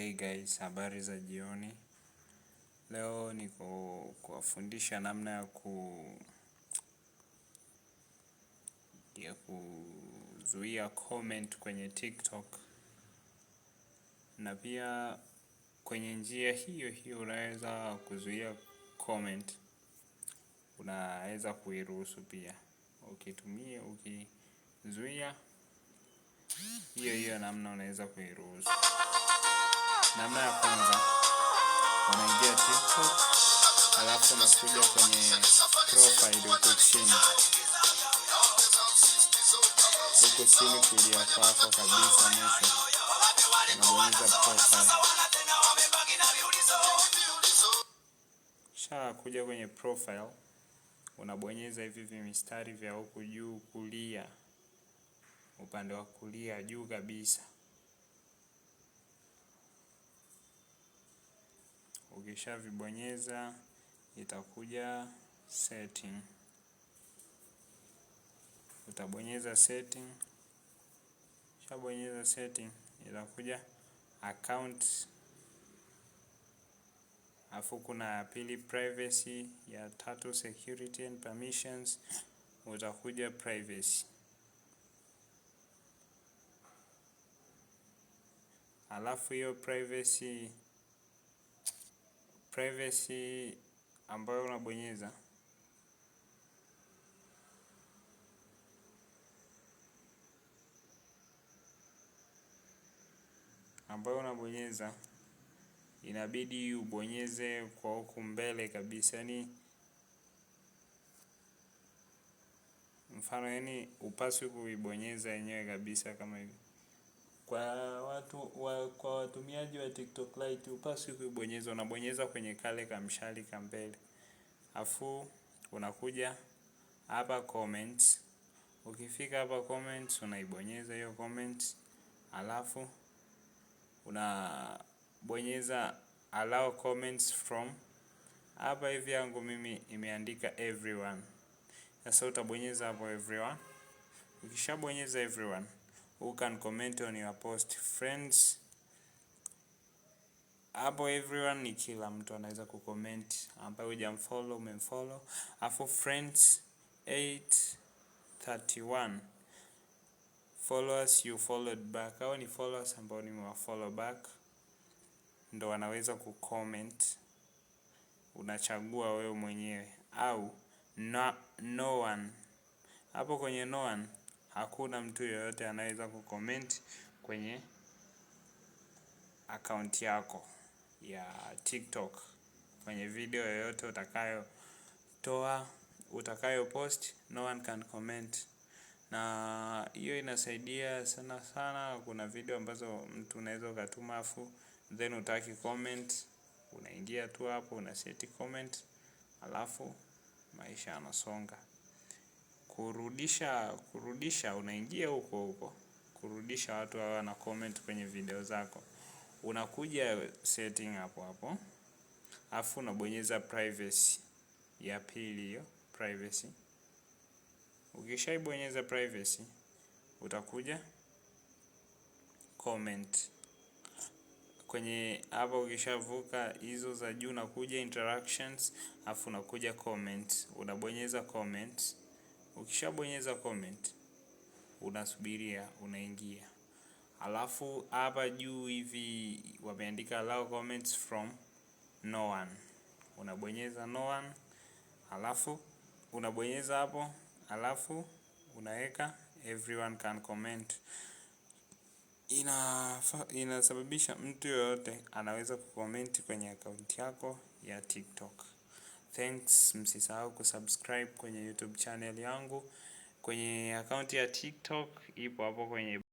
Hey guys, habari za jioni. Leo niko kuwafundisha namna ya ku ya kuzuia comment kwenye TikTok. Na pia kwenye njia hiyo hiyo unaweza kuzuia comment. Unaweza kuiruhusu pia. Ukitumia, ukizuia hiyo hiyo namna unaweza kuiruhusu. Namna ya kwanza unaingia TikTok, alafu unakuja kwenye profile huko chini, huko chini kulia kwako kabisa, mwisho unabonyeza profile. Kisha kuja kwenye profile unabonyeza hivi vimistari vya huku juu kulia, upande wa kulia juu kabisa. Ukisha vibonyeza itakuja setting, utabonyeza setting. Ukishabonyeza setting itakuja account, afu kuna ya pili privacy, ya tatu security and permissions, utakuja privacy alafu hiyo privacy privacy ambayo unabonyeza ambayo unabonyeza inabidi ubonyeze kwa huku mbele kabisa, yani mfano, yani upaswi kuibonyeza yenyewe kabisa kama hivi. Kwa watu kwa watumiaji wa TikTok Lite hupaswi kuibonyeza, unabonyeza kwenye kale kamshali ka mbele. Afu unakuja hapa comments. Ukifika hapa comments unaibonyeza hiyo comments. Alafu unabonyeza allow comments from. Hapa hivi yangu mimi imeandika everyone. Sasa utabonyeza hapo everyone. Ukishabonyeza everyone who can comment on your post friends. Hapo everyone ni kila mtu anaweza kucomment, ambaye hujamfollow umemfollow, afu friends 831 followers you followed back. Hao ni followers ambao nimewafollow back, ndo wanaweza kucomment. Unachagua wewe mwenyewe au no, no one hapo kwenye no one hakuna mtu yoyote anaweza kucomment kwenye akaunti yako ya TikTok kwenye video yoyote utakayotoa, utakayo post, no one can comment. Na hiyo inasaidia sana sana. Kuna video ambazo mtu unaweza ukatuma afu then utaki comment, unaingia tu hapo una set comment, alafu maisha yanasonga kurudisha kurudisha, unaingia huko huko kurudisha, watu hawa na comment kwenye video zako, unakuja setting hapo hapo, afu unabonyeza privacy ya pili, hiyo privacy. Ukishaibonyeza privacy, utakuja comment kwenye hapa. Ukishavuka hizo za juu, unakuja interactions, afu unakuja comment unabonyeza comment Ukishabonyeza comment unasubiria, unaingia, alafu hapa juu hivi wameandika allow comments from no one, unabonyeza no one, alafu unabonyeza hapo, alafu unaweka everyone can comment. Ina inasababisha mtu yoyote anaweza kucomment kwenye akaunti yako ya TikTok. Thanks, msisahau kusubscribe kwenye YouTube channel yangu, kwenye akaunti ya TikTok ipo hapo kwenye